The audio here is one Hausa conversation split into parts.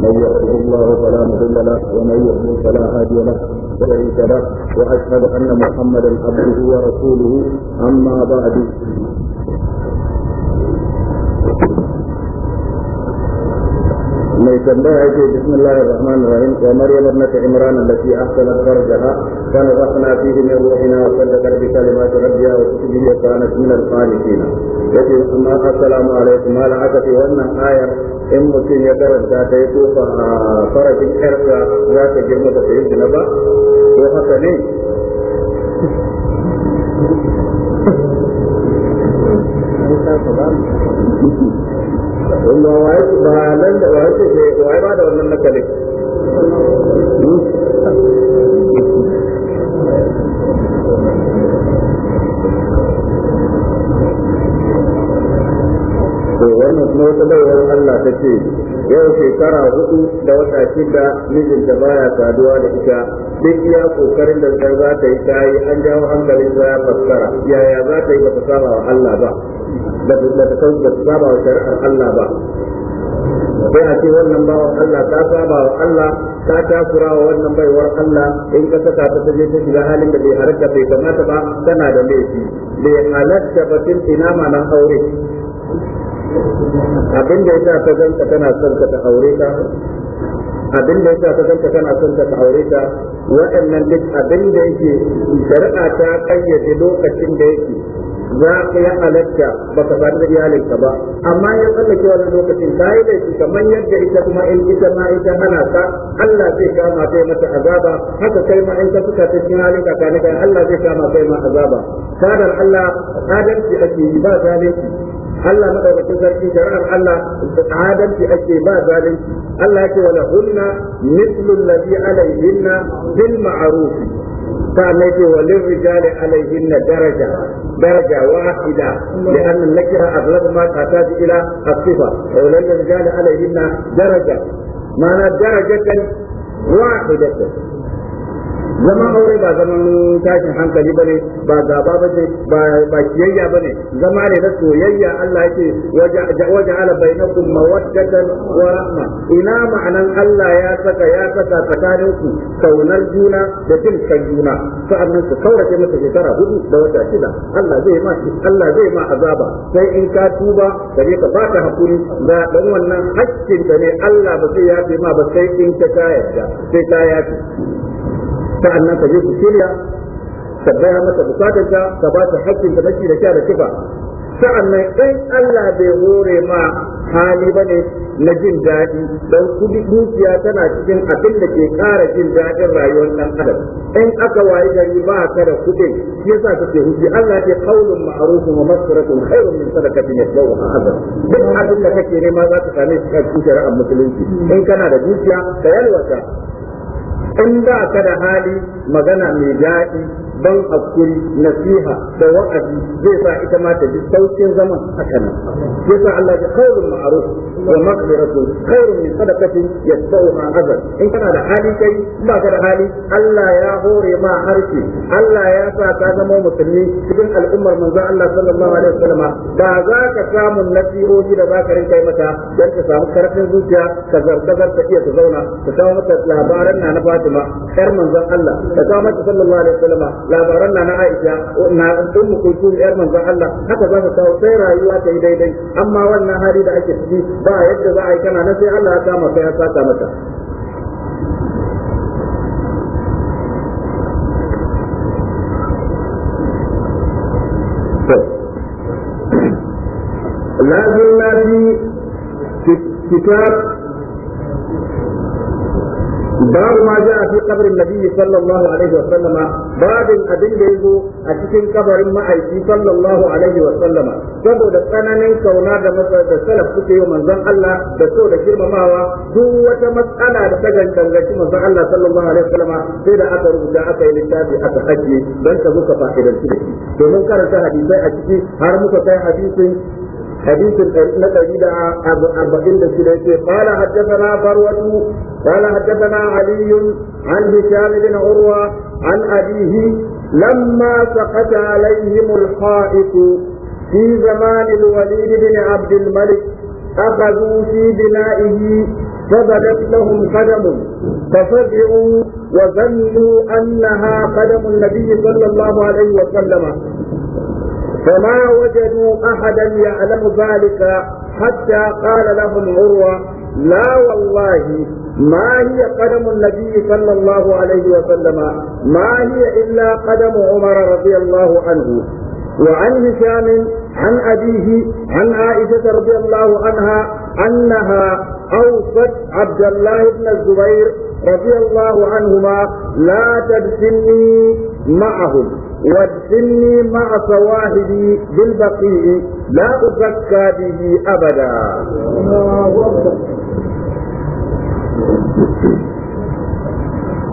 من يهده الله فلا مضل له ومن يضلل فلا هادي له وليس له واشهد ان محمدا عبده ورسوله اما بعد mai tambaya yake bismillahir rahmanir rahim wa maryam ibnat imran allati ahsanat farjaha wa nafakhna fihi min ruhina wa saddaqat bi kalimati rabbiha wa kutubihi wa kanat min al-qanitin yace amma assalamu alaikum mala aka ce wannan ayar in mutum ya karanta ta yi tofa a farajin yarsa za ta girma ba ta yi ba ko haka ne Thank you. wanda waye ba nan da waye ce ke waye ba da wannan nakali to wannan kuma wata bayar Allah ta ce yau shekara hudu da wata shida mijinta baya saduwa da ita duk iya kokarin da za ta yi ta yi an jawo hankalin za ya fassara yaya za ta yi ba ta saba wa Allah ba ba ta kawo ba saba wa shari'ar Allah ba sai a ce wannan bawan Allah ta saba wa Allah ta takura wa wannan baiwar Allah in ka saka ta je ta shiga halin da bai harka bai kamata ba tana da laifi bai halatta batun ina ma nan aure abin da yasa ka ganka tana son ka ta aure ta abin da yasa ka ganka tana son ka ta aure ta waɗannan duk abin da yake shari'a ta kayyade lokacin da yake za ka ya halatta ba ka faɗi da iyalinka ba amma ya tsallake wani lokacin ta yi laifi kamar yadda ita kuma in ita ma ita hana ka Allah zai kama kai mata azaba haka kai ma in ka suka ta cikin halin ka kana Allah zai kama kai ma azaba kadar Allah adalci ake yi ba zalunci Allah madaukakin sarki shari'ar Allah adalci ake ba zalunci Allah ya yake wala hunna mithlu alladhi alayhinna bil ma'ruf سألنا وللرجال عليهن درجة درجة واحدة لأن النكرة أغلب ما تحتاج إلى الصفة وللرجال عليهن درجة معنى درجة واحدة zaman aure ba zaman tashin hankali bane ba gaba bace ba ba kiyayya bane zama ne na soyayya Allah yake waje ala bainakum mawaddatan wa rahma ina ma'anan Allah ya saka ya saka tsakanin ku kaunar juna da jin kan juna sa'annan su kaurace masa shekara hudu da wata shida Allah zai ma Allah zai ma azaba sai in ka tuba gare ka baka hakuri da dan wannan hakkin ne Allah ba zai yafe ma ba sai in ka yarda sai ka yafe nan ka je ku shirya ka gaya mata bukatarka ka ba ta hakkin da kashi da sha da kifa nan, in Allah bai hore ma hali ne na jin daɗi don kudi dukiya tana cikin abin da ke ƙara jin daɗin rayuwar ɗan adam in aka wayi gari ba ka da kuɗi shi yasa ke huji Allah ya qaulun ma'rufun wa masratun khairun min sadaqatin a adha duk abin da kake nema za ka same shi a cikin shari'ar musulunci in kana da dukiya ka yalwata in ba ka da hali magana mai daɗi ban hakuri nasiha da wa'azi zai sa ita ma ta ji saukin zaman haka nan zai sa Allah ya kaulun ma'ruf wa maghfiratu khairun min sadaqatin yasauha azab in kana da hali kai ba ka da hali Allah ya hore ma harshe Allah ya sa ka zama musulmi cikin al'ummar manzon Allah sallallahu alaihi wasallam ba za ka samu nasihohi da za ka rinka mata dan ka samu karfin zuciya ka zarga ta iya ta zauna ka samu mata labaran na na Fatima yar manzon Allah da kawo mata sallallahu alaihi wasallam labaran na na Aisha na ummu kulsum yar manzon Allah haka za ka kawo sai rayuwa ta yi daidai amma wannan hali da ake ciki ba yadda za a yi kana na sai Allah ya kama kai ya saka mata لازم في كتاب باب ما جاء في قبر النبي صلى الله عليه وسلم باب أبن يزو أتكين قبر ما أيدي صلى الله عليه وسلم كبو دسانانين كونا دمسا دسالة كتي ومن زن الله دسو دكير مماوا دوة مسألة دسجن دنجي من زن الله صلى الله عليه وسلم سيدا أكبر جاء أكبر لتابي أكبر بل تبوك فاكدا سيدا domin karanta hadisai a ciki har muka kai hadisin حديث نتجد أربعين سنة قال حدثنا فروة قال حدثنا علي عن هشام بن عروة عن أبيه لما سقط عليهم الحائط في زمان الوليد بن عبد الملك أخذوا في بنائه فبدت لهم قدم ففزعوا وظنوا أنها قدم النبي صلى الله عليه وسلم فما وجدوا أحدا يعلم ذلك حتى قال لهم عروة لا والله ما هي قدم النبي صلى الله عليه وسلم ما هي إلا قدم عمر رضي الله عنه وعن هشام عن أبيه عن عائشة رضي الله عنها أنها أوصت عبد الله بن الزبير رضي الله عنهما لا تدفني معهم وادخلني مع صواهدي بالبقيع لا أزكى به أبدا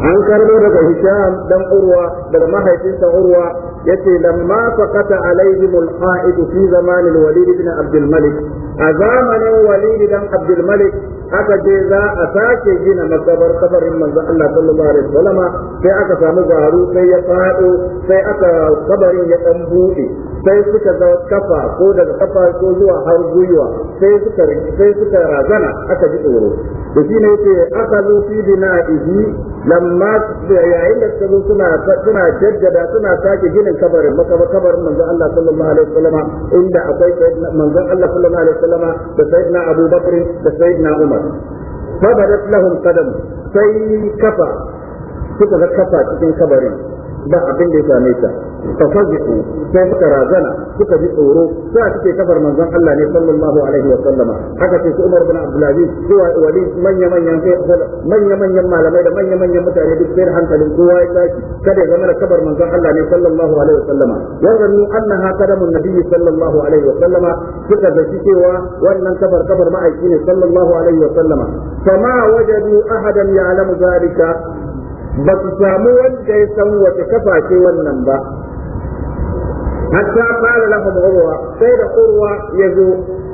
عن كرم هشام دم عروة دم مهي تنسى أروى يتي لما سقط عليهم القائد في زمان الوليد بن عبد الملك a zamanin walidi dan abdulmalik aka je za a sake gina makabar kabarin manzon Allah sallallahu alaihi wasallam sai aka samu garu sai ya fado sai aka kabarin ya dan bude sai suka ga kafa ko daga kafa ko zuwa har gwiwa sai suka sai suka razana aka ji tsoro da shi ne yake aka fi bina'ihi lamma yayin da suka zo suna suna jaddada suna sake ginin kabarin makaba kabarin manzon Allah sallallahu alaihi wasallam inda akwai manzon Allah sallallahu alaihi wasallam da sayyidina Abu Bakr da sayyidina Umar barat lahum qadam sai kafa suka ga kafa cikin kabarin ba abin da ya same ta fa fazi'u sai suka razana suka ji tsoro sai a cike kafar manzon Allah ne sallallahu alaihi wa sallama haka ce su Umar bin Abdulaziz su wali manya manyan manya manyan malamai da manya manyan mutane duk sai hankalin kowa ya tashi kada ya zama da kafar manzon Allah ne sallallahu alaihi wa sallama annaha nabiyyi sallallahu alaihi wa sallama suka cewa wannan kafar kafar ma'aiki ne sallallahu alaihi wa sallama fama wajadu ahadan ya'lamu ba su samu wanda ya san wata kafa ce wannan ba hatta qala lahum urwa sai da urwa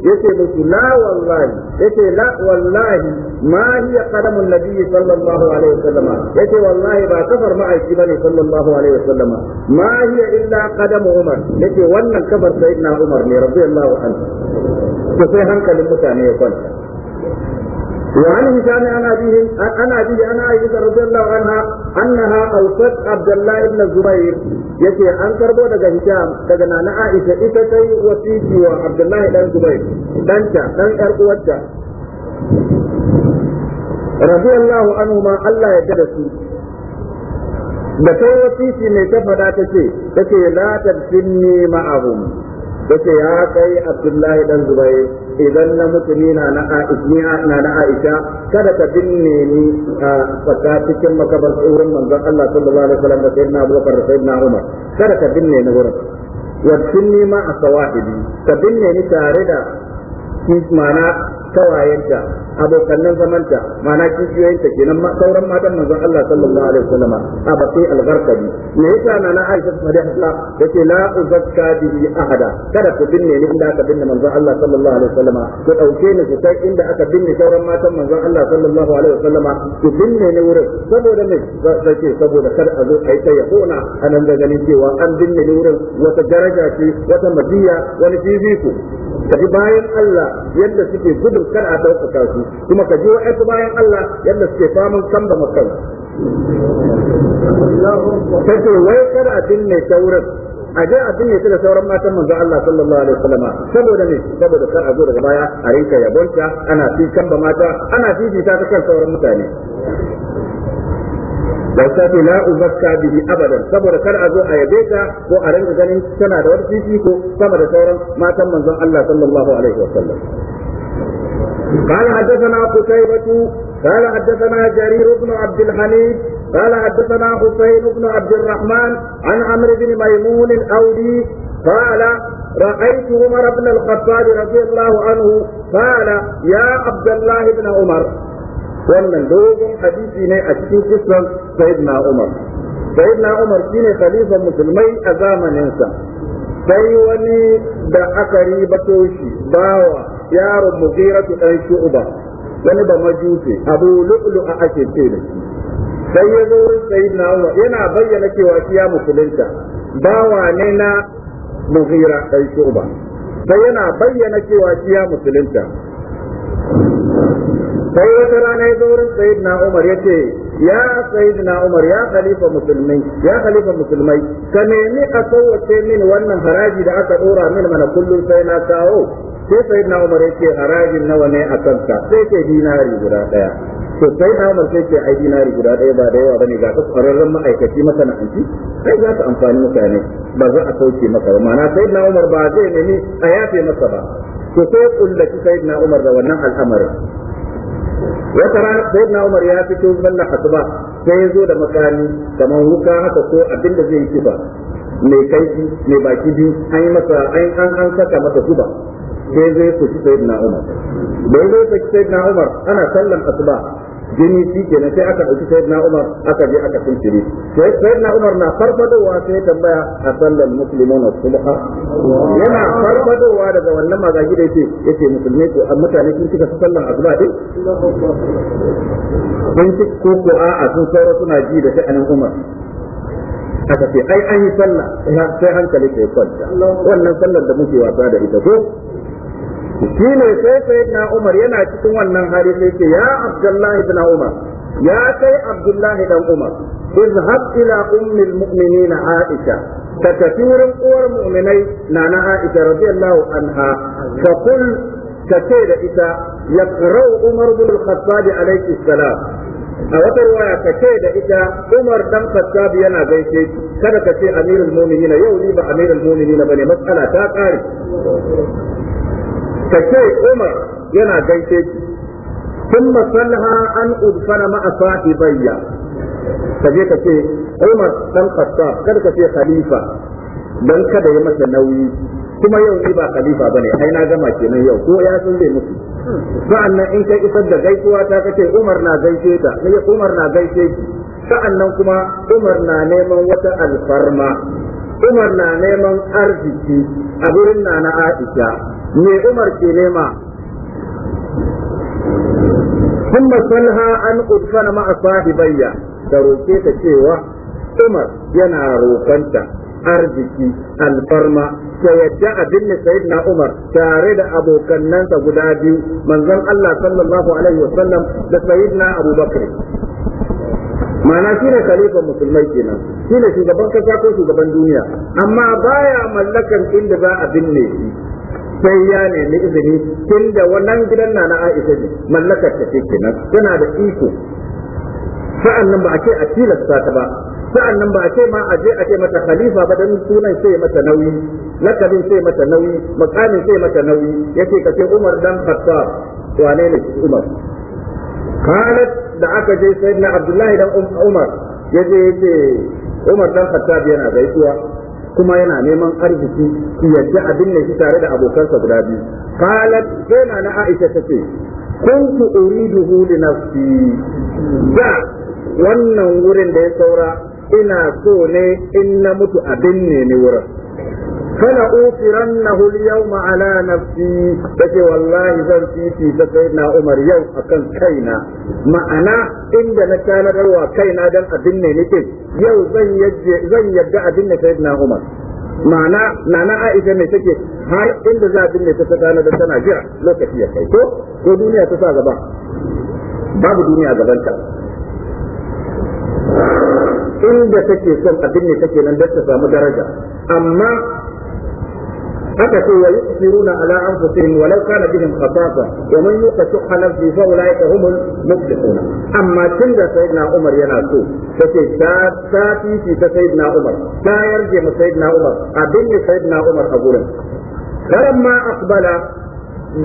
ya ce musu la wallahi ya ce la wallahi ma hiya qadamu nabiyyi sallallahu alaihi ya ce wallahi ba kafar ma'aiki bane sallallahu alaihi wasallam ma hiya illa qadamu umar ya ce wannan kafar sayyidina umar ne radiyallahu anhu to sai hankalin mutane ya kwanta وعن هشام عن أبيهم عن أبيه عن عائشة رضي الله عنها أنها أوصت عبد الله بن الزبير يتي أن تربو دغا هشام دغا نانا عائشة إتتي وسيتي وعبد الله بن الزبير دانتا دان أرقوتا رضي الله عنهما الله يجدسي da kai wasiti mai ta fada ta ce ta ce la tadfinni yace ya kai Abdullahi dan Zubair idan na mutu ni na na Aisha na na Aisha kada ka binne ni a tsaka cikin makabar tsoron manzon Allah sallallahu alaihi wasallam da sayyidina Abubakar da sayyidina Umar kada ka binne ni wurin wa tunni ma asawahibi ka binne ni tare da ma'ana kawayenta abokannan zamanta ma'ana kishiyoyinta kenan sauran matan manzon Allah sallallahu alaihi wasallam a baki al-gharqabi me yasa nana Aisha sadiqa yace la uzakka bihi ahada kada ku binne ni inda aka binne manzon Allah sallallahu alaihi wasallam ku dauke ni ku kai inda aka binne sauran matan manzon Allah sallallahu alaihi wasallam ku binne ni wurin saboda me sai saboda kada a zo kai ta yahona anan da ganin cewa an binne ni wurin wata daraja ce wata madiya wani fifiko ka ji bayan Allah yadda suke gudun kar a ɗaukaka su kuma ka ji wa'yansu bayan Allah yadda suke faman kan da makan. wai kar a binne sauran a je a binne su da sauran matan manzo Allah sallallahu alaihi wasallam saboda ne saboda kar a zo daga baya a rinka yabonta ana fi kan ba mata ana fifita ta kan sauran mutane. da la uzakka bihi abadan saboda kar a zo a yabe ta ko a rinka ganin tana da wani ko sama da sauran matan manzon Allah sallallahu alaihi wa wasallam قال حدثنا قتيبة قال حدثنا جرير بن عبد الحميد قال حدثنا حسين بن عبد الرحمن عن عمرو بن ميمون الأودي قال رأيت عمر بن الخطاب رضي الله عنه قال يا عبد الله بن عمر wannan dogon hadisi ne a cikin kisan sayyidina Umar sayyidina Umar shine khalifan musulmai a zamanin sa sai wani da aka ribato shi bawa yaron mugiratu dan shu'ba wani da majusi abu lu'lu a ake ce da shi sai ya zo sayyidina Umar yana bayyana cewa shi ya musulunta bawa ne na mugira dan shu'ba sai yana bayyana cewa shi ya musulunta sai wata rana ya zo wurin sayyidina Umar ya ce ya sayyidina Umar ya khalifa musulmai ya khalifa musulmai ka nemi a sauwace min wannan haraji da aka dora min mana kullum sai na kawo sai sayyidina Umar ya ce harajin nawa ne a kanta sai ke dinari guda daya to sai ba sai ce ai dinari guda ɗaya ba da yawa bane ga ta kwararren ma'aikaci masana'anci sai za ta amfani mutane ba za a sauke maka ba ma'ana sai na Umar ba zai nemi a yafe masa ba to sai kullaci sai na Umar da wannan al'amarin ya tara sai na Umar ya fito zalla asuba sai ya zo da makani kamar wuka haka ko abin da zai kiba mai kaifi mai baki biyu an yi masa an an saka masa kuba sai zai fushi sai na Umar bai zai fushi sai na Umar ana sallan asuba jini shi na sai aka sayar na Umar aka je aka shiri sayar na Umar na farfadowa sai tambaya a sallal na sulha yana farfadowa daga wannan magagi da yake yake musulmai ko mutane sun cika a asuba din sun ci ko ko a'a sun saura suna ji da sha'anin Umar aka ce ai an yi sallah sai hankali ke kwanta wannan sallar da muke wasa da ita ko shi ne sai na Umar yana cikin wannan hari sai ce ya Abdullahi ibn Umar ya kai Abdullahi dan Umar izhab ila ummil mu'minin Aisha ta tafi wurin uwar mu'minai nana Aisha radiyallahu anha ka kul ka da ita yaqra'u Umar ibn al-Khattab alayhi salam a wata ruwaya ka ce da ita Umar dan Khattab yana gaishe kada ka ce amirul mu'minin yau ni ba amirul mu'minin bane matsala ta kare ka ce Umar yana gaishe ki thumma masalha an udfana ma'a sahibayya ka je ka ce Umar dan Khattab kada ka ce khalifa dan kada ya masa nauyi kuma yau ni ba khalifa bane ai na gama kenan yau ko ya san zai mutu sa'annan in kai isar da gaisuwa ta kace Umar na gaishe ta ne Umar na gaishe ki sa'annan kuma Umar na neman wata alfarma Umar na neman arziki a gurin nana Aisha me Umar ke nema ثم صلها أن أدفن da صاحبي ta cewa Umar yana roƙanta arziki alfarma ya yadda abin da sayid na Umar tare da abokannansa guda biyu manzon Allah sallallahu alaihi wasallam da sayid na Abu Bakr ma'ana shi ne khalifan musulmai kenan shi ne shugaban kasa ko shugaban duniya amma baya mallakan inda za a binne shi sai ya nemi izini tun da wannan gidan na na Aisha ne mallakar ta ce kenan tana da iko sa'an nan ba a ce a tilasta ta ba sa'an nan ba a ce ma a je a ce mata khalifa ba dan sunan sai mata nauyi lakabin sai mata nauyi makamin sai mata nauyi yace kace Umar dan Khattab wane ne Umar qalat da aka je sayyidina Abdullahi dan Umar yaje yace Umar dan Khattab yana gaisuwa kuma yana neman arziki ki yadda abin ne shi tare da abokansa guda biyu qalat sai na Aisha tace kuntu uriduhu li nafsi da wannan wurin da ya saura ina so ne in na mutu abin ne ni wurin Kana fala ufirannahu al na fi nafsi take wallahi zan fifi ta na Umar yau akan kaina ma'ana inda na tanadarwa kaina dan abin ne nake yau zan zan yadda abin ne na Umar ma'ana nana Aisha ne take har inda za abin ne ta tanadar tana jira lokaci ya kai to ko duniya ta sa gaba babu duniya gabanta inda take son abin ne take nan don ta samu daraja amma haka sai ya yusiru na ala an fusin walau kana bihin khasasa wa man yuka shuha nafsi fa ulai ka humul muflihuna amma tunda sayyidina umar yana so sai ta ta fifi ta sayyidina umar ta yarje mu sayyidina umar abin ne sayyidina umar a gurin karan ma asbala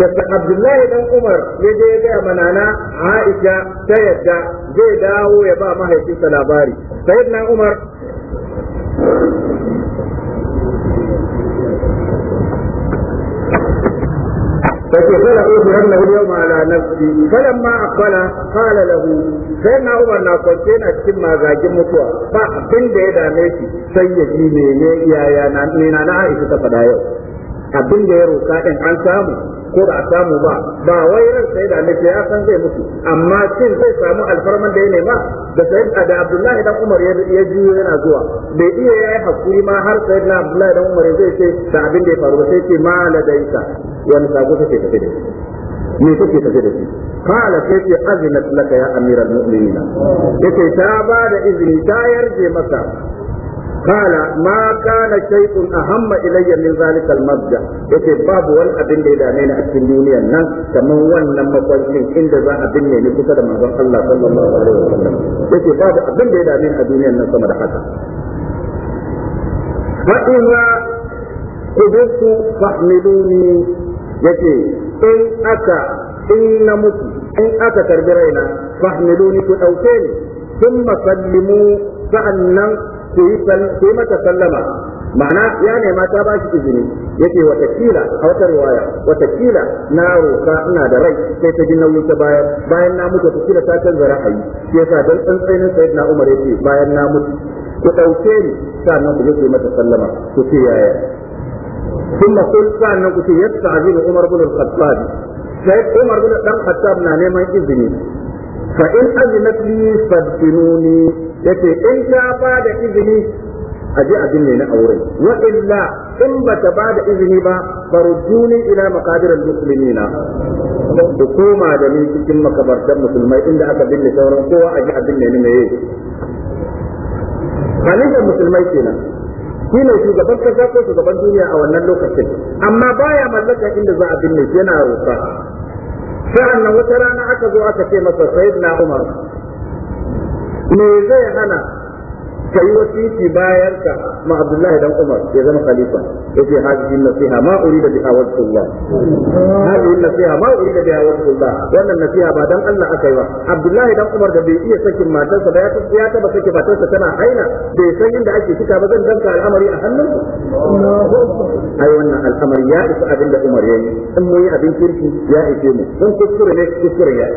daga abdullahi dan umar ya je ga manana aisha ta yadda zai dawo ya ba mahaifinsa labari sayyidina umar فكي فكيف لأظهرنه اليوم على نفسي فلما أقبل قال له سيدنا عمر قلتين أتكلم ما زاجي متوى فأبن دي دانيتي سيدي ميني يا يا نانا عائشة فدا يوم دي روكا ya roka din ko da a samu ba ba wai ran sai da ne ya san zai mutu amma shin zai samu alfarman da ya nema da sai da Abdullahi dan Umar ya ji yana zuwa bai iya yayi hakuri ma har sai da Abdullahi dan Umar zai ce da abin da ya faru sai ce ma ladaita wani sako take tafi da shi me kake tafi da shi qala sai ce azinat laka ya amiral mu'minin yake ta ba da izini ta yarje maka قال ما كان شيء أهم إلي من ذلك المبدأ yake babu wani abin da ya dame ni a cikin duniyar nan kamar wannan makwancin inda za a binne ni kusa da manzon Allah sallallahu alaihi wa sallam yake babu abin da ya dame a duniyar nan sama da haka wa inna kubutu fahmiluni yake in aka in na mutu in aka karbi raina fahmiluni ku dauke ni thumma sallimu sa'annan Sai yi mata sallama ma'ana ya nema ta ba shi izini ya wata watakila a wata riwaya watakila na roka ina da rai sai ta ji nauyi ta bayan bayan na mutu ta kila ta canza ra'ayi shi yasa dan sai na Umar ce bayan na mutu ku dauke ni sannan ku je mata sallama ku ce yaya ku ce سألنا قلت يستعجل Umar bin الخطاب sai Umar bin dan Khattab na neman izini fa in azinat li fadkinuni yace in ta ba da izini a je abin ne na aure wa illa in ba ta ba da izini ba farujuni ila maqadiril muslimina da koma da ni cikin makabartar musulmai inda aka binne sauran kowa a ji abin ne ne meye khalifar musulmai kenan shi ne shugaban kasa ko shugaban duniya a wannan lokacin amma baya mallaka inda za a binne yana roƙa sa'an nan wata rana aka zo aka ce masa sayyidina umar me zai hana ka yi wasiki bayan ka ma Abdullahi dan Umar ya zama khalifa yace hadhihi nasiha ma urida biha wajhullah hadhihi nasiha ma urida biha wajhullah wannan nasiha ba dan Allah aka yi ba Abdullahi dan Umar da bai iya sakin matarsa ba ya tafi ya taba sake matarsa tana haina bai san inda ake cika ba zan danka al'amari a hannun ai wannan al'amari ya isa abin da Umar yayi in mu yi abin kirki ya ishe mu kun kuskure ne kuskure ya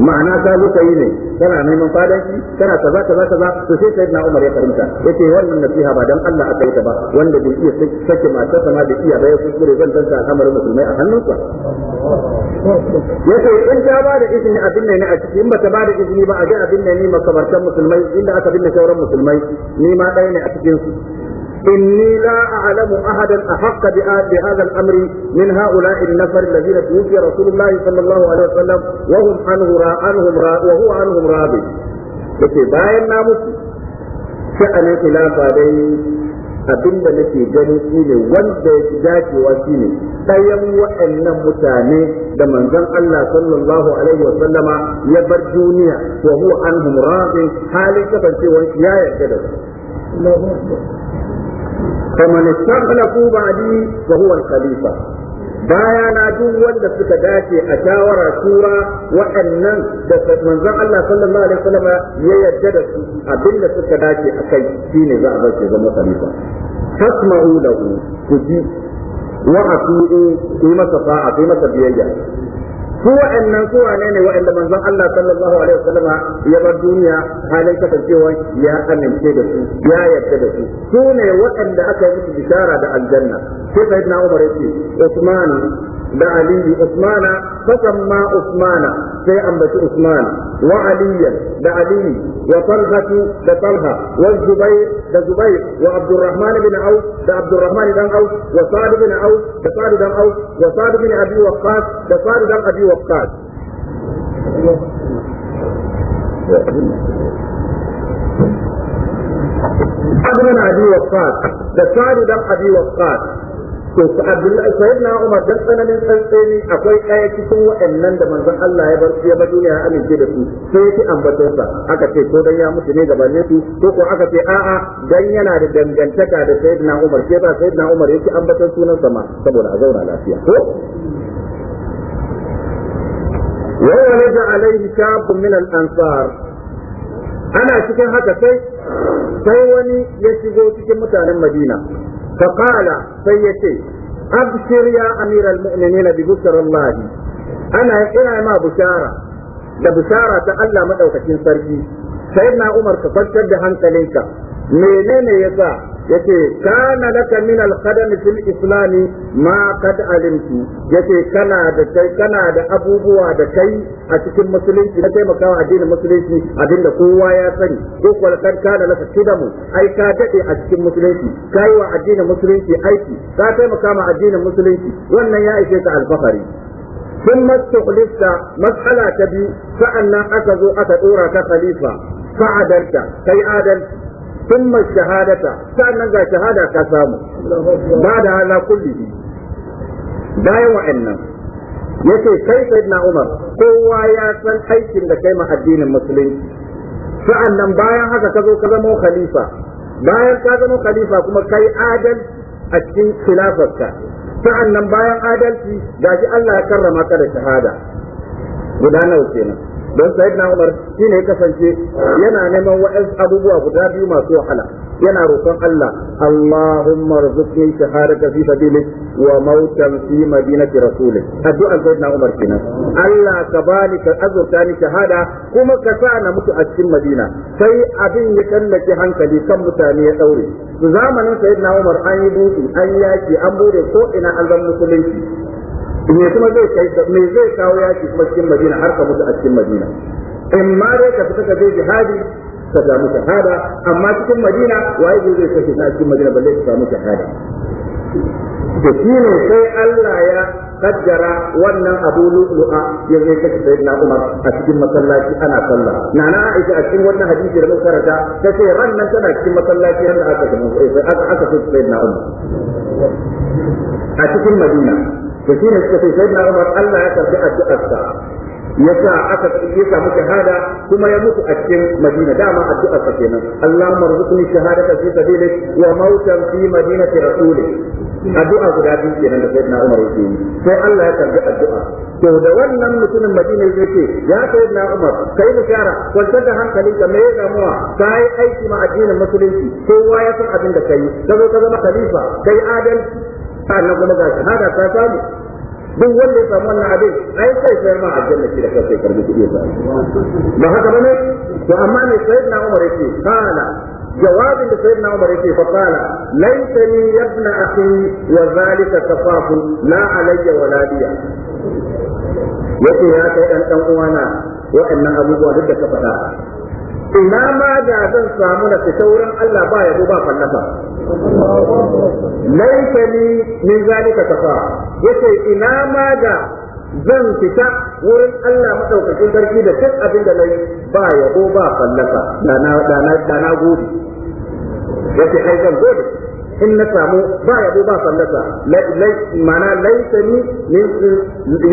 ma'ana ka zo ka yi ne kana neman fadanci kana kaza kaza kaza to sai sayyidina Umar ya karanta yace wannan nasiha ba dan Allah aka yi ta ba wanda bai iya sake mata sama da iya su kuskure zan ta kamar musulmai a hannunsa yace in ta ba da izini a binne ne a ciki in ta ba da izini ba a ga abin ne ne makabartan musulmai inda aka binne sauran musulmai ni ma dai ne a cikin su إني لا أعلم أحدا أحق بهذا الأمر من هؤلاء النفر الذين توفي رسول الله صلى الله عليه وسلم وهم عنه را عنهم را وهو عنهم راضي yake bayan na mutu sha'anin khilafa abin da nake gani shine wanda ya fi dacewa shine ɗayan waɗannan mutane da manzon Allah sallallahu alaihi wa sallama ya bar duniya wa huwa anhum radin halin kasancewar ya yarda da su faman istakhlafu ba'di wa huwa khalifa baya na duk wanda suka dace a shawara tura waɗannan da manzon Allah sallallahu alaihi wasallam ya yarda da su abinda suka dace a kai shine za a bar shi zama khalifa fasma'u lahu ku ji wa asu'u ku masa a ku masa biyayya su waɗannan su wane ne waɗanda manzon Allah sallallahu alaihi wasallama ya bar duniya halin cewa ya amince da su ya yarda da su su ne waɗanda aka yi musu bishara da aljanna sai sayyidina Umar yace Uthman da aliyu usmana fasamma usmana sai ambaci usmana wa aliyan da aliyu wa talhatu da talha wa zubair da zubair wa abdurrahman bin auf da abdurrahman dan auf wa sa'd bin auf da sa'd dan auf wa sa'd bin abi waqqas da sa'd dan abi waqqas Abin Abi Waqqas da Sa'd dan Abi Waqqas to su abdullahi sayyidina umar dan tsananin tsantsani akwai kaya cikin wa'annan da manzon Allah ya bar ya bar duniya amince da su sai ya ambaton sa aka ce ko dan ya mutu ne gabanin su ko ko aka ce a'a dan yana da dangantaka da sayyidina na umar sai ba sayyidina na umar yake ambatar sunan sa ma saboda a zauna lafiya ko وولد عليه min al-ansar ana cikin haka sai sai wani ya shigo cikin mutanen Madina فقال ya أبشر يا أمير المؤمنين ببشر الله أنا إلى ما بشارة da bishara ta Allah madaukakin sarki sai na Umar ka kwantar da hankalinka menene yasa yace kana laka min alqadam fil islam ma qad alimtu yace kana da kai kana da abubuwa da kai a cikin musulunci na taimakawa addinin musulunci abinda kowa ya sani ko kuwa kan kana laka kidamu ai ka dade a cikin musulunci kai wa addinin musulunci aiki ka taimaka ma addinin musulunci wannan ya ishe ka alfahari ثم استخلفت aka zo aka ka khalifa khalifa فعدلت kai adalci shahadata, ثم الشهادة سألنا شهادة كسام بعد على كله لا يوعنا yace kai sayyidina Umar kowa ya san aikin da kai ma addinin musulunci sa'annan bayan haka ka zo ka zama khalifa bayan ka zama khalifa kuma kai adal a cikin khilafarka sa'annan bayan adalci gaji Allah ya karrama ka da shahada guda nawa kenan don said na umar shi ne kasance yana neman wa'az abubuwa guda biyu masu wahala yana roƙon Allah Allahumma rzuqni shahadata fi sabilik wa mautan fi madinati rasulik addu'a sayyid na umar kenan Allah ka bani ka azurta ni shahada kuma ka sa na mutu a cikin madina sai abin ya kallake hankali kan mutane ya daure zamanin said na umar an yi dutse an yaki an bude ko ina an zama musulunci me kuma zai kai me zai kawo yaki kuma cikin madina har ka mutu a cikin madina in ma dai ka fita ka je jihadi ka samu shahada amma cikin madina waye zai kashe ka cikin madina balle ka samu shahada da shi ne sai Allah ya kaddara wannan abu lu'a ya zai kashe sai na Umar a cikin masallaci ana sallah nana Aisha a cikin wannan hadisi da muka karanta ta ce rannan tana cikin masallaci yadda aka aka aka sai na Umar a cikin Madina to shi ne suka ce sai na Umar Allah ya karbi addu'arsa yasa aka ya samu shahada kuma ya mutu a cikin Madina dama addu'ar sa kenan Allahumma rzuqni shahadata fi sabilik wa mautan fi madinati rasulik addu'a guda biyu kenan da sayyidina Umar yake yi sai Allah ya karbi addu'a to da wannan mutumin Madina yake ce ya na Umar kai bishara kwantar da hankalinka me ya damuwa kai aiki ma addinin musulunci kowa ya san abin da kai ka zo ka zama khalifa kai adalci sannan kuma ga shahada ta samu duk wanda ya samu wannan abin ai sai sai ma aljanna shi da kai sai karbi kudi ya samu ba haka bane to amma ne sayyidina Umar yake kana jawabin da sayyidina Umar yake fa kana laysa li yabna akhi wa zalika tafafu la alayya waladiya yace ya kai dan dan uwana waɗannan abubuwa duk da ka faɗa ina ma da zan samu na fita wurin Allah ba yabo ba fallafa laita ni min zalika kafa yace ina ma da zan fita wurin Allah madaukakin sarki da duk abin da nayi ba yabo ba fallafa da na da na da na gode yace kai zan gode in na samu ba yabo ba sallata lai mana laitani ni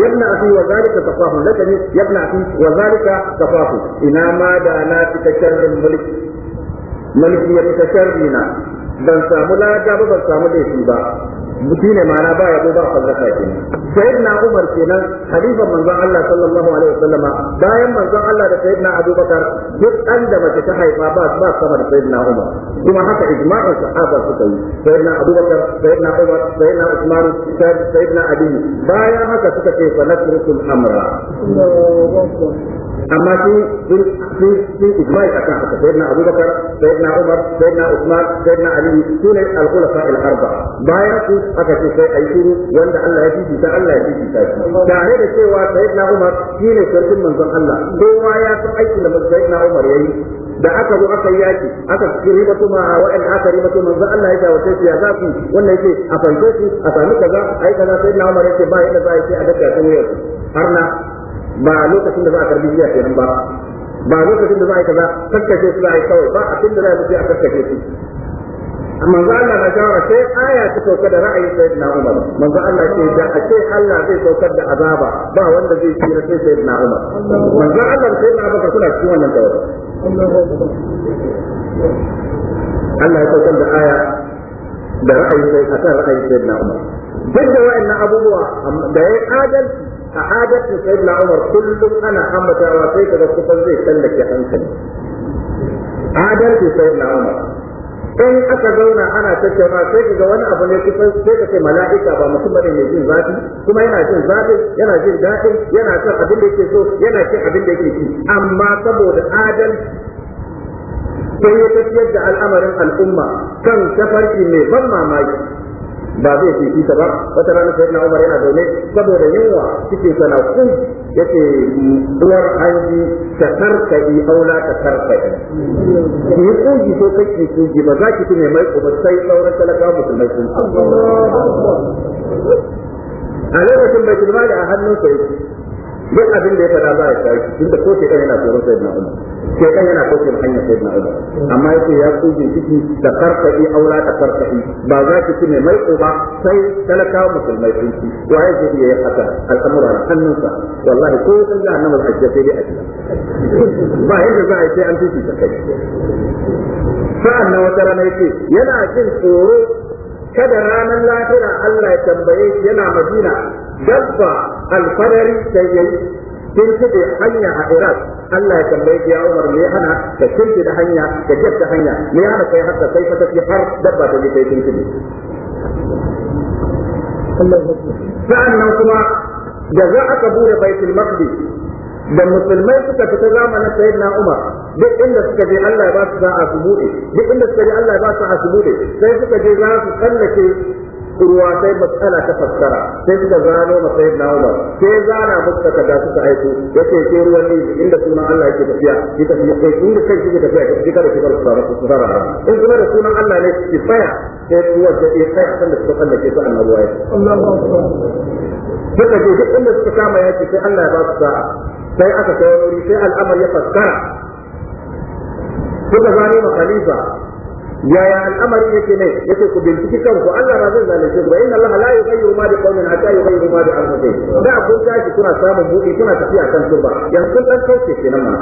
yabna fi wa zalika tafahu laitani yabna fi wa zalika tafahu ina ma da na fita sharrin mulki mulki ya fita sharrina dan samu lada ba ban samu shi ba shi ne ma'ana ba yabo ba fallasa kenan sayyidina Umar kenan halifan manzon Allah sallallahu alaihi wasallama bayan manzon Allah da sayyidina Abubakar duk an da mace ta haifa ba ba sama da sayyidina Umar kuma haka ijma'in sahaba suka yi sayyidina Abubakar sayyidina Umar sayyidina Usman sayyidina Ali bayan haka suka ce fa nasrul amra amma sun sun sun sun ijma'i akan haka sayyidina abubakar sayyidina umar sayyidina usman sayyidina ali sunan al-khulafa al-arba bayan su aka ce sai ayi shiru wanda Allah ya fifita Allah ya fifita shi tare da cewa sayyidina umar shine sarkin manzon Allah kowa ya san aikin da sayyidina umar yayi da aka zo aka yaki aka riba kuma wa'an aka riba kuma manzo Allah ya jawo sai ya zaku wannan yake a fanke a sami kaza ai kaza sai na Umar yake ba yadda za a yi a daka sun yau har na ba lokacin da za a karbi jiya kenan ba ba lokacin da za a yi kaza kakkace su za a yi kawai ba abin da za a yi sai a kakkace su manzo Allah na shawara ce aya ta sauka da ra'ayin na Umar manzo Allah ce da a ce Allah zai saukar da azaba ba wanda zai tsira sai na Umar manzo Allah sai na baka kula cikin wannan tawar Allah ya saukar da aya da ra'ayin sayyidina ra'ayi ra'ayin na Umar duk da wa'annan abubuwa da ya adalci a Sayyid sayyidina Umar kullum ana ambatawa sai kaga kusan zai tallake hankali adalci sayyidina Umar in aka zauna ana tattauna sai kaga wani abu ne kusan sai ka ce mala'ika ba mutum bane mai jin zafi kuma yana jin zafi yana jin daɗi yana son abin da yake so yana cin abin da yake ci amma saboda adal sai ya tafiyar da al'amarin al'umma kan tafarki mai ban mamaki ba zai fi fita ba wata rana na Umar yana zaune saboda yunwa kike sana Ya yace uwar hanji ta tarka aula ta tarka yi ki ko kake kuji ba za ki tune mai kuma sai sauran talaka musulmai sun a lokacin bai da a hannun sa duk abin da ya faɗa za a kawo shi tunda ko sai yana tsoro sai na umar sai yana ko sai hanya sai na umar amma yake ya tsuje ciki da farfaɗi aula da farfaɗi ba za ki ci mai maiko ba sai talakawa musulmai sun ci waye zai iya yi haka al'amura a hannunsa wallahi ko sun ga annabi hajjia sai dai a ci ba yadda za a yi sai an fifi ta kai sa'an nan wata rana ya ce. yana jin tsoro kada ranar lafiya Allah ya tambaye shi yana Madina dabba alfadari sai yayi shirkide hanya a Iraq Allah ya tambaye shi ya Umar me hana ka da hanya ka jabta hanya me hana kai ka tafi har dabba da kai shirkide sa'an nan kuma da za aka bude baitul maqdis da musulmai suka fita zamanin na Umar duk inda suka je Allah ba su sa'a su bude duk inda suka je Allah ba su sa'a su bude sai suka je za su tsallake ruwa sai matsala ta fassara sai suka zano ma na Umar sai zana musu takarda suka aiko yace ke ruwan ne inda sunan Allah yake tafiya ki tafi kai inda kai kike tafiya ki kada ki bar sara ku sara in kuma da sunan Allah ne ki tsaya sai ruwa da ya tsaya sanda suka tsallake su annabi wai Allahu akbar suka je duk inda suka kama yaki sai Allah ya ba su sa'a sai aka sayo wuri sai al'amar ya fassara suka zane ma khalifa yaya al'amari yake ne yake ku binciki kanku Allah ba zai zalunce ku inna Allah la yughayyiru ma bi qaumin hatta yughayyiru ma bi anfusihim da kun tashi kuna samun buɗe suna tafiya kan turba yanzu kun dan kauce kenan ma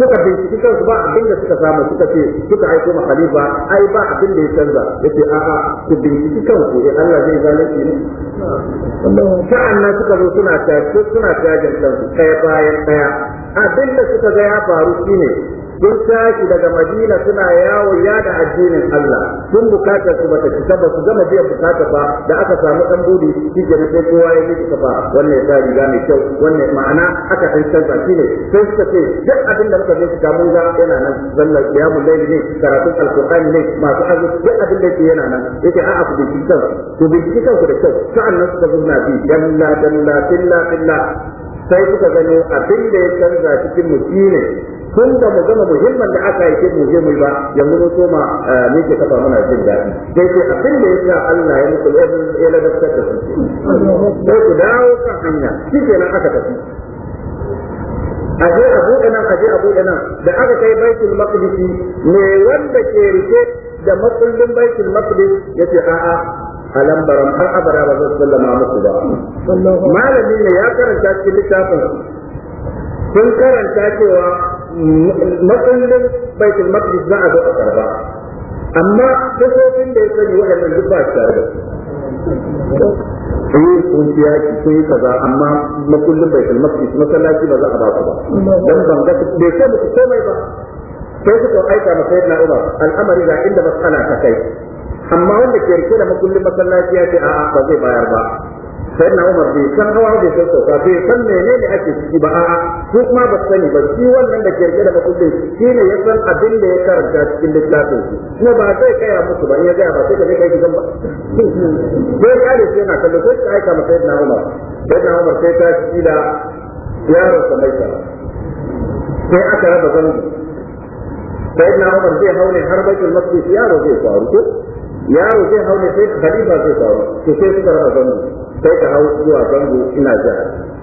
kuka binciki kanku ba abin da suka samu suka ce suka aiko ma khalifa ai ba abin da ya canza yace a a ku binciki kanku eh Allah zai zalunce ne sa'an nan suka zo suna tashi suna tajin kansu ɗaya bayan ɗaya abin da suka ga ya faru shine sun tashi daga madina suna yawo yada addinin Allah sun bukatar su bata cika ba su gama biyan bukata ba da aka samu dan budi shi ke sai kowa ya yi ba wannan ya sa riga mai kyau wannan ma'ana aka san canza ne, sai suka ce duk abin da muka bincika mun ga yana nan zallar mu layl ne karatun alkur'ani ne masu azu duk abin da yake yana nan yake a a ku kan, ku bincika ku da kyau sa'annan suka zo bi dalla dalla filla filla sai suka gano abin da ya canza cikin mu tun da mu gama muhimman da aka yi cikin je ba yanzu mun so ma eh, ne ke kafa mana jin daɗi dai sai abin da ya sa Allah ya muku ya ladabtar da su sai ku dawo kan hanya shi nan aka tafi aje abu ina aje abu ina da aka kai baitul maqdis ne wanda ke rike da makullin baitul maqdis yace a'a A lambaran har abada ba zai sallama musu ba malami ne ya karanta cikin littafin sun karanta cewa matsallin baitul maqdis za a zo a karba amma kasofin da ya sani waɗannan duk ba su tare da su yi kunciya sun yi kaza amma makullin baitul maqdis masallaci ba za a ba su ba dan banga bai sai musu komai ba sai suka aika masa yana umar al'amari ga inda matsala ta kai amma wanda ke rike da makullin masallaci ya ce a'a ba zai bayar ba sai na Umar bai san hawa bai san sauka bai san menene ake ciki ba a'a ko kuma ba sani ba shi wannan da ke rike da makullin shi ne ya san abin da ya karanta cikin littafin shi kuma ba zai kaya musu ba in ya gaya ba sai ka je kai gidan ba sai kare sai na kallo sai ka aika masa na Umar sai na Umar sai ta shi da yaron sa mai sai aka raba zango sai na Umar zai haune har bakin masjid yaro zai faru ko yaro zai hau ne sai khalifa zai kawo to sai suka raba zango sai ka hau zuwa zango ina ja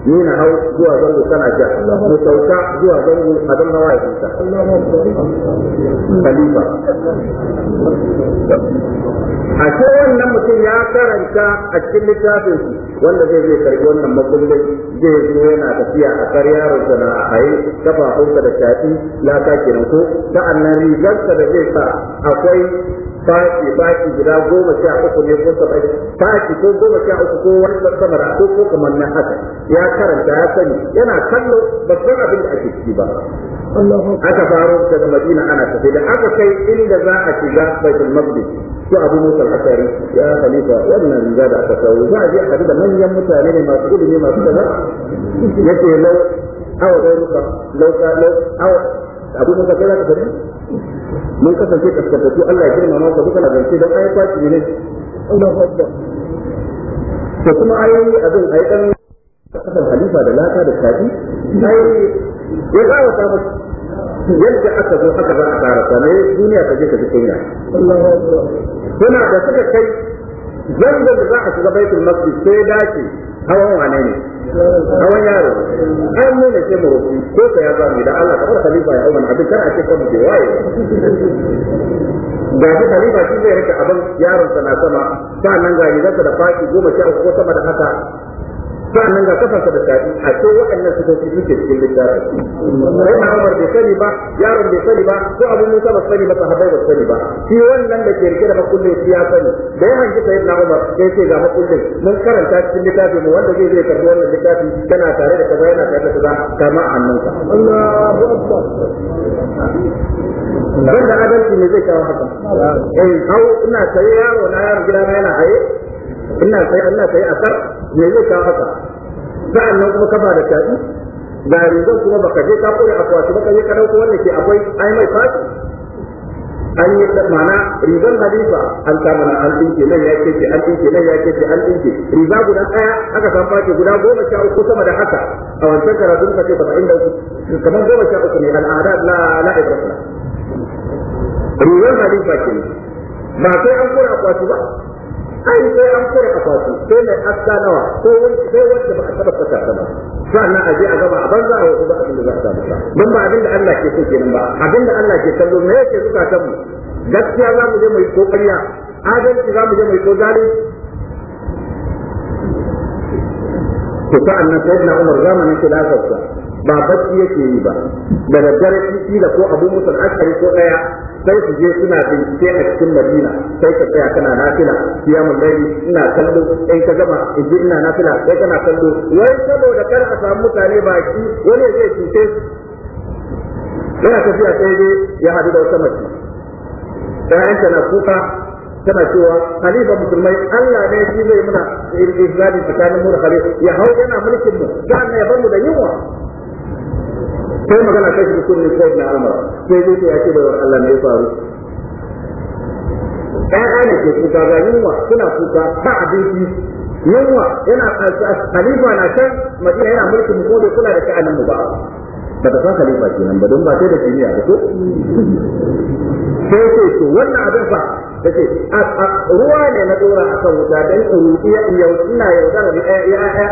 ni na hau zuwa zango kana ja mu sauka zuwa zango a zan hawa ya khalifa a ce wannan mutum ya karanta a cikin littafin wanda zai zai karbi wannan makullin zai zo yana tafiya a karya yaronsa na a haye kafafunsa da shafi laka kenan ko annan rigarsa da zai sa akwai fashi fashi guda goma sha uku ne ko saba fashi ko goma sha uku ko wani sama da ko ko kamar na haka ya karanta ya sani yana kallo babban abin da ake ciki ba aka faro daga madina ana tafi da aka kai inda za a shiga baitul maqdis ko abu musal asari ya khalifa wannan riga da aka kawo za a je a da manyan mutane ne masu ilimi masu da yace lau awa gairuka lau ka lau awa abu mun ka kai zaka fadi mun kasance kaskantatu Allah ya duka ayi kwaci ne Allahu akbar to kuma abin ayi dan kasan halifa da laka da ya yadda aka zo aka za a tsara duniya ta je ka ji kunya kuna da suka kai zanzan da za a shiga baitul maqdis sai dace hawan wane ne hawan yaro an ne ne sai mu ko ka ya zama da Allah kamar khalifa ya umman abin kar a ce kuma bai waye ga shi khalifa shi zai rika abin yaron sa na sa nan ga gidansa da faki goma sha uku ko sama da haka sa'annan ga kafarsa da tafi a ce waɗannan sifofi suke cikin littafin sai na Umar bai sani ba yaron bai sani ba ko abin Musa ba sani ba sahabbai ba sani ba shi wannan da ke rike da makullin shi ya sani da ya hanki sai na Umar sai ce ga makullin mun karanta cikin littafin mu wanda zai zai karbi wannan littafi tana tare da kaza yana tare da kaza kama hannunsa Allahu Akbar dan da adalci ne zai kawo haka eh hau ina sai yaro na yaro gidana yana haye ina sai ina sai asar me zai ka haka sa'an nan kuma ka ba da tafi ga rigar kuma baka je ka kure akwati baka je ka dauko wanda ke akwai ai mai fati an yi mana rigar halifa an ta na an dinke nan ya kece an dinke nan ya kece an dinke riga guda ɗaya aka san fashi guda goma sha uku sama da haka a wancan karatun ka ce ba inda kamar goma sha uku ne al'ada na na ibrahim rigar halifa ke ba sai an kura akwati ba ai sai an kura akwati sai mai aska nawa ko sai wanda ba a taba kasa ta ba sannan a je a gaba a banza a wasu ba abin da za samu ba Mun ba abin da Allah ke so kenan ba abin da Allah ke kallo me yake ta mu gaskiya za mu je mai yi a adalci za mu je mai kokari ko zalunci to sa'an nan sai na Umar zamanin khilafarsa ba bacci yake yi ba da daddare da ko abu musul akari ko daya sai su je suna bincike a cikin madina sai ka tsaya kana nafila mun dai ina kallo in ka gama in ji ina nafila sai kana kallo wai saboda kar a samu mutane baki wani zai cuce su yana tafiya sai dai ya hadu da wata mace ta na kuka tana cewa khalifa musulmai Allah ne shi zai muna islami tsakanin mu da khalifa ya hau yana mulkin mu kana ya bar mu da yunwa sai magana ta shi kunni sai na Umar sai zai ya ce da Allah ne ya faru ƴaƴa ne ke kuka ga yunwa suna kuka ta abinci yunwa yana khalifa na can madina yana mulkin mu ko da kula da sha'anin mu ba daga san khalifa kenan ba don ba sai da kimiyya ba ko sai ce to wannan abin fa tace ruwa ne na dora akan wuta dan rubiya ya ina yaudara ya ya ya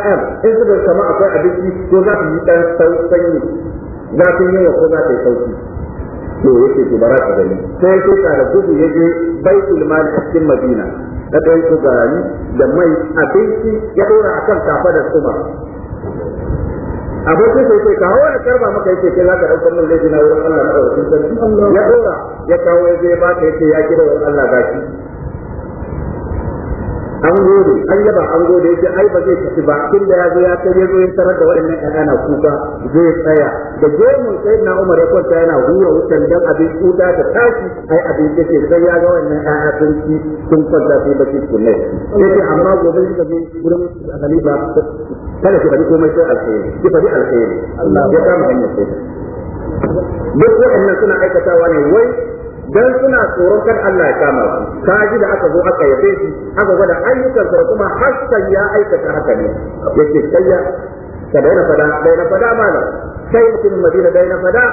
in suka kama akwai abinci ko za su yi dan sanyi. zafin yawa ko za ta yi sauki to yake ke bara ka gani sai ya tuka da gudu ya je bai mal a cikin madina da kai su garani da mai abinci ya dora akan kafa da tsuma abokin sai sai kawo da karba maka yake kai zaka daukar min laifi na wurin Allah madaukakin sarki ya dora ya kawo ya je ba ka yake ya kira wurin Allah gashi an gode an yaba an gode yake ai ba zai tafi ba kin da ya ya tare zo yin tarar da wadannan ƴaƴa na kuka zai tsaya da gemun sai na Umar ya kwanta yana hura wutan dan abin kuda da tashi ai abin yake sai ya ga wannan ƴaƴa sun ci sun kwanta sai ba su kunne yake amma gobe suka je gurin khalifa kada ki bari komai sai alkhairi ki bari alkhairi Allah ya kama hanyar sai duk wannan suna aikatawa ne wai dan suna tsoron kan Allah ya kama su kaji da aka zo aka yabe shi aka gwada ayyukan sa kuma hasan ya aikata haka ne yake sayya ka daina fada daina fada mana, sai mutum madina daina fada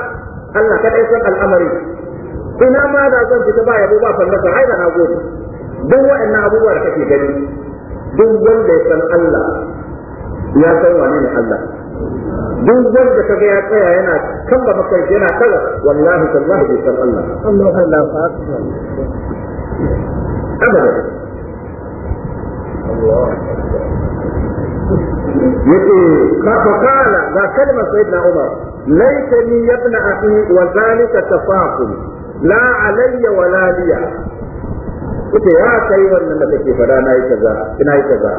Allah kadai san al'amari ina ma da zan fita ba yabo ba fallasa ai da nagode duk wa'annan abubuwa da kake gani duk wanda ya san Allah ya san wane ne Allah duk wanda ka ga ya tsaya yana ba maka yana kaza wallahi tallahi bai san Allah Allahu akbar abada yake ka kala ga kalma sayyidina Umar ni yabna abi wa zalika tafaqul la alayya wa la liya yace ya kai wannan da kake fada na yi kaza ina yi kaza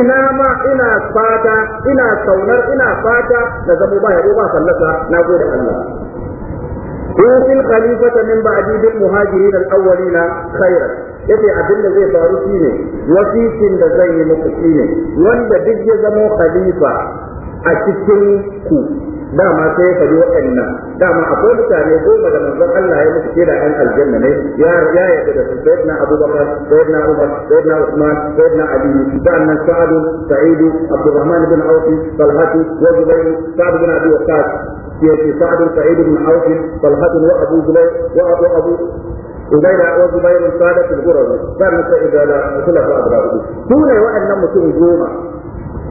ina ma ina fata ina saunar ina fata na zamo ba yabo ba sallata na gode Allah in khalifata min ba'di bil muhajirin al awwalina khairan yace abin da zai faru shine wasikin da zai yi muku shine wanda duk ya zama khalifa a cikin ku dama sai ka bi waɗannan dama akwai mutane goma da manzon Allah ya musu ke da ɗan aljanna ne ya ya yarda da su sayyidina Abubakar sayyidina Umar sayyidina Usman sayyidina Ali sannan Sa'ad Sa'id Abdurrahman ibn Auf Talhat wa Zubayr Sa'd ibn Abi Waqqas yace Sa'd Sa'id ibn Auf Talhat wa Abu Zubayr wa Abu Abu Ubaida wa Zubayr Sa'd al-Ghurawi sannan sai da khulafa Abu Bakr sune waɗannan mutum goma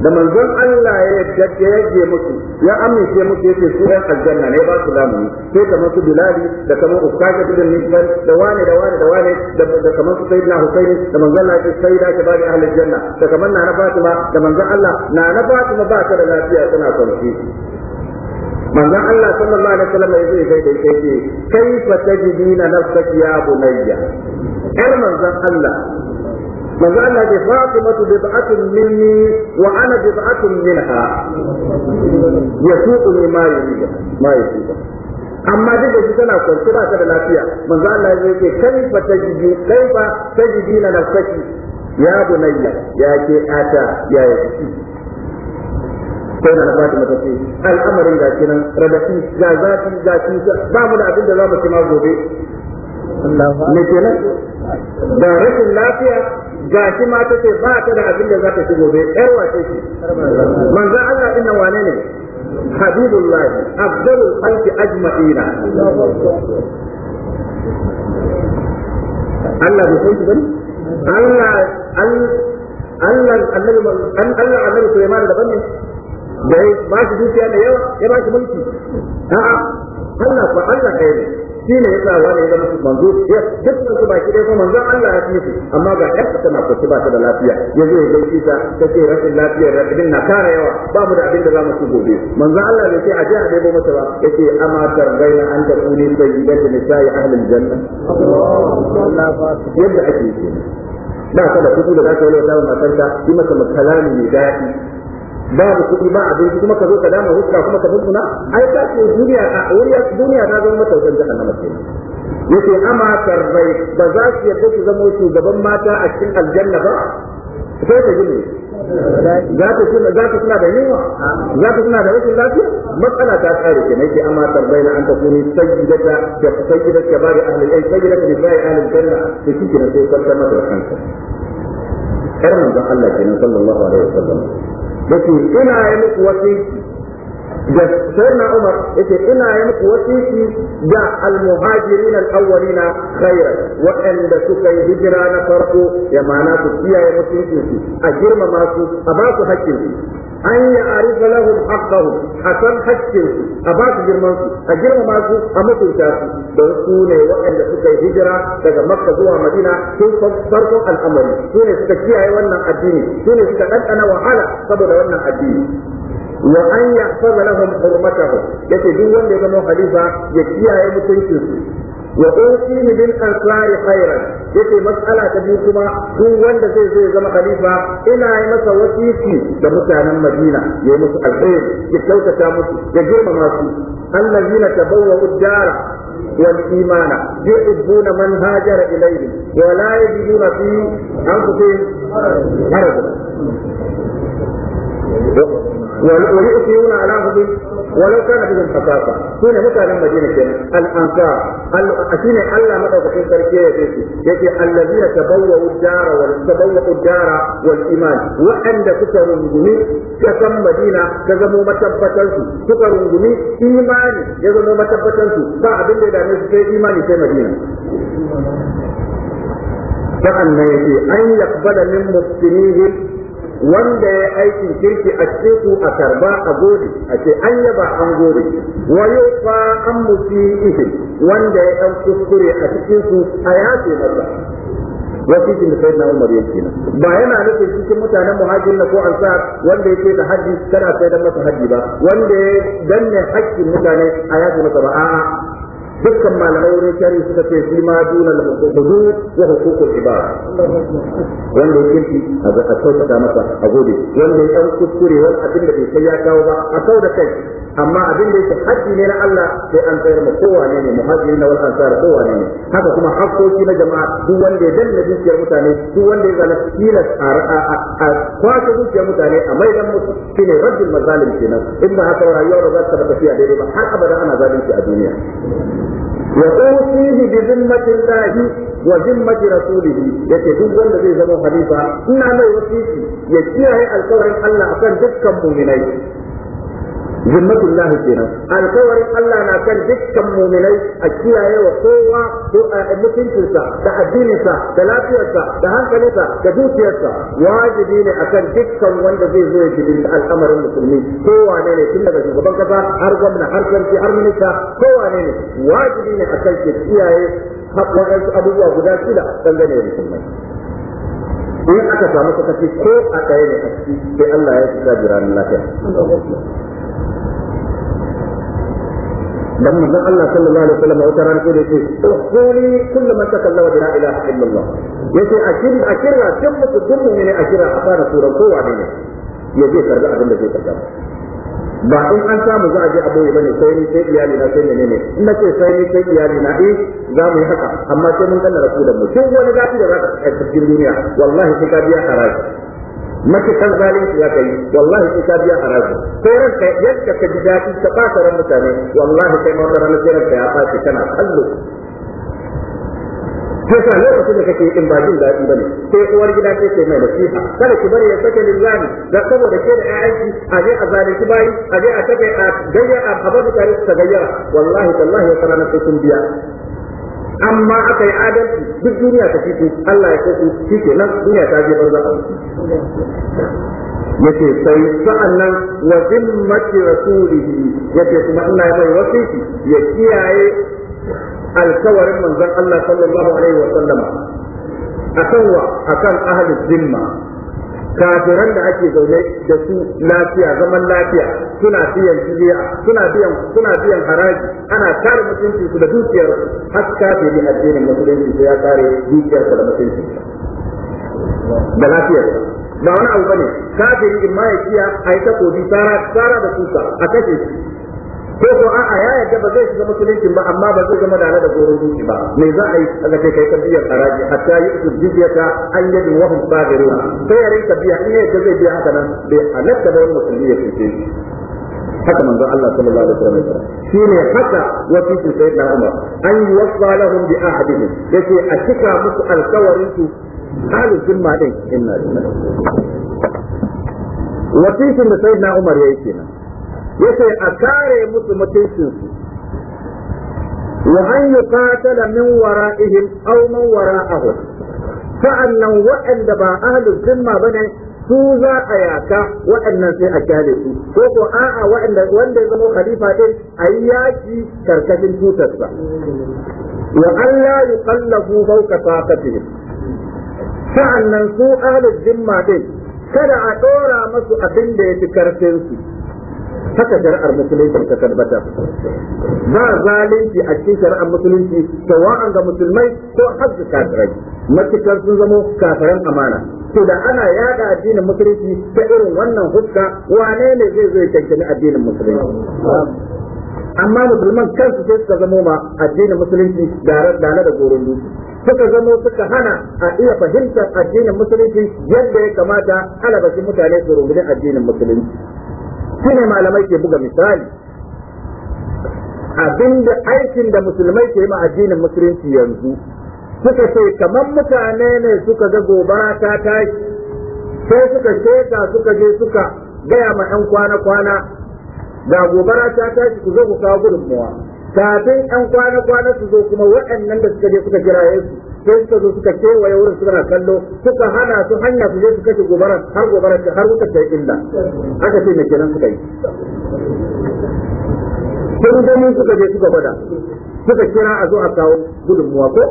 da manzon Allah ya yadda yake musu ya amince musu yake su ɗan aljanna ne ba su lamuni sai kamar su bilali da kamar ukaka da nisbal da wane da wane da wane da kamar su sayyidina husaini da manzon Allah ya sai da ba ni ahli janna da kamar nana fatima da manzon Allah nana fatima ba ta da lafiya tana sauki manzon Allah sallallahu alaihi wasallam ya zai da kai ce kaifa tajidina nafsaka ya bunayya ai manzon Allah manzo Allah ke fatimatu bid'atun minni wa ana bid'atun minha yasuqu ma yuridu ma yuridu amma duk da shi tana kwance ba ta da lafiya manzo Allah ya ce kai kaifa tajidi kaifa na nafsaki ya bunayya ya ke ata ya yi sai da nafati mata ce al'amarin ga kinan radadi ga zafi ga cuta ba mu da abin da za mu ci ma gobe me kenan da rashin lafiya ga shi ma ta ce ba ta da abin da za ta ci gobe yar wace ce manzo Allah inna wane ne habibullah afdalul khalqi ajma'ina Allah bai san shi bane Allah Allah annabi Allah annabi Sulaiman daban ne da ya ba shi dukiya da yawa ya ba shi mulki a'a Allah ba Allah kai ne shi ne yasa wani zama su manzo ya dukkan su baki dai kuma manzon Allah ya fi su amma ga yarsa tana kwace ba ta da lafiya ya zo ya gaishe ta kace rashin lafiyar rabin na kara yawa ba mu da abin da za mu ci gobe manzon Allah ya ce a ji a dai mata ba yace amma tarbaina an ta kuni sayyidatu nisa'i ahlil janna yadda ake yi da kada da kudu da za ka yi wa matarka yi masa kalami mai daɗi ba kuɗi ba abinci kuma ka zo ka dama huska kuma ka dukkuna ai ka ce duniya a wuri duniya ta zama mata wajen jahannama ce yake ama karbai ba za su yadda su zama shugaban mata a cikin aljanna ba sai ta gini za ta tuna za ta tuna da yunwa za ta tuna da rashin lafiya matsala ta tsare kenan ke amma tarbai na an ta kuni sayyidata da sayyidata da bari ahli ai sayyidata da bari ahli janna to kike na sai kwanta mata kanka kar manzon Allah kenan sallallahu alaihi wasallam da ina yi muku wasiki da sayyidina Umar yace ina yi muku wasiki ga al-muhajirin al khairan waɗanda suka yi hijira na farko ya mana su kiyaye mutuncin su a girmama su a ba su hakkin su an ya arifa lahum haqqahu a san a ba su girman su a girmama su a mutunta su don su ne waɗanda suka yi hijira daga Makka zuwa Madina sun farkon al'amari su suka kiyaye wannan addini su ne suka ɗanɗana wahala saboda wannan addini wa an yahfaz lahum hurmatahum yace duk wanda ya zama khalifa ya kiyaye mutuncin su wa ni bil ansari khairan yace mas'ala ta biyu kuma duk wanda zai zo ya zama khalifa ina yi masa wasiki da mutanen Madina ya musu alheri ya kyautata musu ya girmama su allazina tabawwa'u dara والإيمان يحبون من هاجر إليهم ولا يجدون في أنفسهم حرجا ويؤثرون على أنفسهم ولو كان بهم خصاصة هنا مثلا مدينة كنا الأنصار أتينا ألا متى تكون تركيا يا الذين تبوأوا الدار وتبوأوا الدار والإيمان وأن كفر الجميع كسم مدينة كزموا متبتنسوا كفر الجميع إيمان يزموا متبتنسوا بعد اللي دانيس في إيمان في مدينة فأنا يجي أن يقبل من مفتنيهم wanda ya aikin kirki a cikin a karba a gode a ce an yaba an gode wa yau fa an musi ihi wanda ya dan kuskure a cikin ku a yafe masa cikin da na Umar yake nan ba yana nufin cikin mutanen muhajir na ko ansar wanda yake da haji kana sai da masa haji ba wanda ya danne haƙƙin mutane a yafe masa ba a'a dukkan malamai wurin shari suka ce fi ma duna hudu wa hukukul wanda ya kirki a ga a sauƙaƙa masa a gode wanda ya kuskure wani abin da bai kai ya kawo ba a kau da kai amma abin da yake haƙƙi ne na Allah sai an tsayar ma kowane ne muhajiri na wal ansar kowane ne haka kuma hakkoki na jama'a duk wanda ya danna dukiyar mutane duk wanda ya zana tilas a kwace dukiyar mutane a maidan musu ne rajin mazalim kenan in ba haka rayuwar ba za ta tafiya daidai ba har abada ana zalunci a duniya waɗo wa ƙuri'un bi zimma cikin daji duk zimma cina tuni wanda zai zama halifa faɗa, ina zama ya fi ci ya Allah akan dukkan muminai zimmatullahi kenan alkawarin Allah na kan dukkan muminai a kiyaye wa kowa ko a mutuncinsa da addininsa da lafiyarsa da hankalinsa da dukiyarsa wajibi ne akan dukkan wanda zai zo ya jibinta al'amarin musulmi kowa ne ne tun daga shugaban kasa har gwamna har sarki har kowa ne wajibi ne akan ke kiyaye waɗansu abubuwa guda shida dangane da musulmai in aka samu sakaci ko a ɗaya ne a ciki sai Allah ya fita jiranin lafiya dan manzon Allah sallallahu alaihi wasallam wata rana ko da yake ukhuri kullu man takallama bi la ilaha illallah yace a kin a kira duk mutum ne a kira a fara suran kowa ne ya je karbi abin da zai karba ba in an samu za a je abu aboye bane sai ni sai iyali na sai ne ne in nace sai ni sai iyali na eh za mu yi haka amma sai mun kallara ku da mu duk wani gafi da za ka kai duniya wallahi sai ka biya haraji matukan zalunci ya ya kai. wallahi in ka biya haraji ko ranka yadda ka ji daɗi ka ɓata ran mutane wallahi kai ma ranar sai ranka ya ɓaci kana kallo sa lokacin da kake in ba jin daɗi bane sai uwar gida ce ce mai nasiha kada ki bari ya sake lillahi da saboda ke da aiki a je a zalunci bayi a je a take a gayya a haɓar mutane ta gayyara wallahi wallahi ya fara na kun biya amma aka yi adalci duk duniya ta fito Allah ya kai shi ke nan duniya ta je banza yace sai sa'annan wa zimmati rasulihi yace kuma ina mai wasiki ya kiyaye alkawarin manzon Allah sallallahu alaihi wa sallama akan wa akan ahli zimma kafiran da ake zaune da su lafiya zaman lafiya suna biyan jiya suna biyan suna biyan haraji ana kare mutunci su da dukiyar har kafiri addinin musulunci sai ya kare dukiyar da mutunci da lafiyar ba wani abu bane kafiri in ma ya kiya a yi takobi tsara da kusa a kashe shi ko ko a'a ya yadda ba zai shiga musulunci ba amma ba zai zama dana da goron duki ba me za a yi aka ce kai kabiyar haraji hatta yi su jizyata an yadda wa hum sabirun sai ya rinka biya in yadda zai biya haka nan bai halatta da wani musulmi ya fice shi haka manzo Allah sallallahu alaihi wasallam shine haka wasitu sayyidina Umar an yuwaffa lahum bi ahdihim yace a cika musu alkawarin su ahli zimma din inna lillahi wasitin da sayyidina Umar yayi kenan yake a kare musu mutuncinsu wa an katala min wara'ihim aw man wara'ahum sa'annan waɗanda ba ahlul zimma bane su za a yaka waɗannan sai a kyale su ko ko a'a waɗanda wanda ya zama khalifa din a yi yaki karkashin tutarsa wa an la yuqallafu fawqa taqatihim sa'annan su ahlul zimma din kada a dora masu abin da ya fi su haka shari'ar musulunci ta tabbatar ba zalunci a cikin shari'ar musulunci tawa'an ga musulmai ko hajji kafirai matukar sun zamo kafiran amana to da ana yada addinin musulunci ta irin wannan hukka wane ne zai zo ya addinin musulunci amma musulman kansu sai suka zamo ma addinin musulunci da da goron dutse suka zamo suka hana a iya fahimtar addinin musulunci yadda ya kamata alabashin mutane su rungudin addinin musulunci ne malamai ke buga misali abinda aikin da musulmai ke ma addinin musulunci yanzu suka ce kamar mutane ne suka ga gobara ta tashi sai suka sheka suka je suka gaya ma 'yan kwana-kwana ga gobara ta tashi ku zo ku kawo gudunmuwa kafin 'yan kwana-kwana su zo kuma waɗannan da suka je suka kiraye yesu sai suka zo suka kewaye wurin na kallo suka hana su hanya su je su kashe gobara har gobara har wuta ta illa aka ce me kenan suka yi sun gani suka je suka gwada suka kira a zo a kawo gudunmuwa ko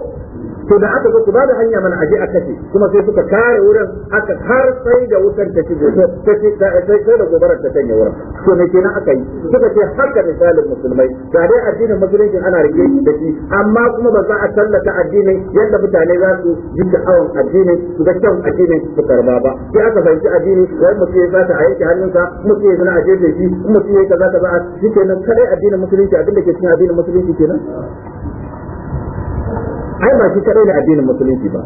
to da aka zo ku ba da hanya mana aje a kashe kuma sai suka kare wurin aka har sai da wutar ta ci sai sai da gobarar ta sanya wurin to me kenan aka yi suka ce haka misalin musulmai ga dai addinin musulunci ana rike da shi amma kuma ba za a tallata addinin yadda mutane za su ji sha'awan addinin su ga kyan addinin su karba ba sai aka fahimci addini wai mutum ya zata a yanke hannunsa mutum ya zana a jefe shi mutum ya kaza kaza shi kenan kare addinin musulunci abin da ke cikin addinin musulunci kenan ai ba shi kadai da addinin musulunci ba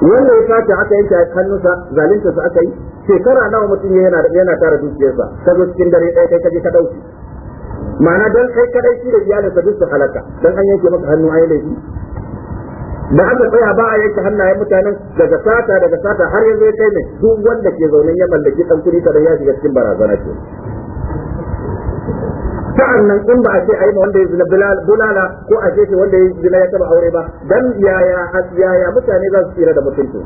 wanda ya sace aka yanke hannunsa zalunta su aka yi shekara nawa mutum yana yana tara dukiyarsa ka zo cikin dare ɗaya kai kaje je ka dauki ma'ana dan kai kadai shi da iyalinsa duk su halaka dan an yanke maka hannu ai laifi da aka tsaya ba a yanke hannayen mutanen daga sata daga sata har yanzu ya kai ne duk wanda ke zaune ya mallaki dan kuɗi kada ya shiga cikin barazana ce sa'an nan in ba a ce a yi wanda ya zina bulala ko a ce wanda ya zina ya taba aure ba dan yaya yaya mutane za su tsira da mutunci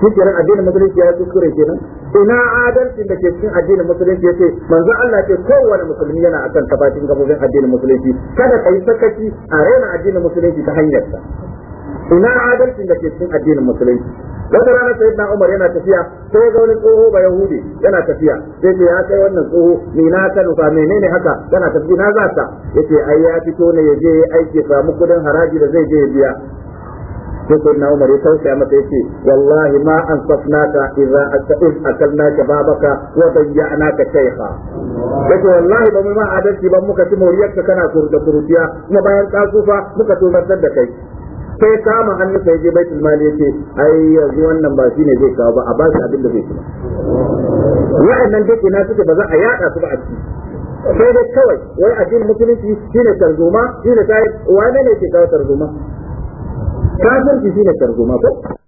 shi kenan addinin musulunci ya kuskure kenan ina adalcin da ke cikin addinin musulunci ce manzo Allah ce kowane musulmi yana akan tafatin gabobin addinin musulunci kada kai sakaci a raina addinin musulunci ta hanyar ina adalcin da ke cikin addinin musulunci wata ranar sai na umar yana tafiya sai ga wani tsoho ba yahudi yana tafiya sai ce ya kai wannan tsoho ni na ka nufa menene haka yana tafiya na za ta yace ai ya fito ne ya je aiki samu kudin haraji da zai je ya biya sai sai na umar ya tausaya masa yace wallahi ma ansafnaka idza astaqim akalnaka babaka wa bayyanaka shaykha yace wallahi ba mu ma adalci ba muka ci ka kana kurda kurdiya kuma bayan ka kufa muka masar da kai sai kama hannu sai je baitul mali ce, ai yanzu wannan ba shine zai kawo ba a ba shi abin da zai kuma wa'annan dai ina suke ba za a yada su ba a ciki sai dai kawai wai addinin musulunci shine tarzoma shine sai wane ne ke kawo tarzoma kafirci shine tarzoma ko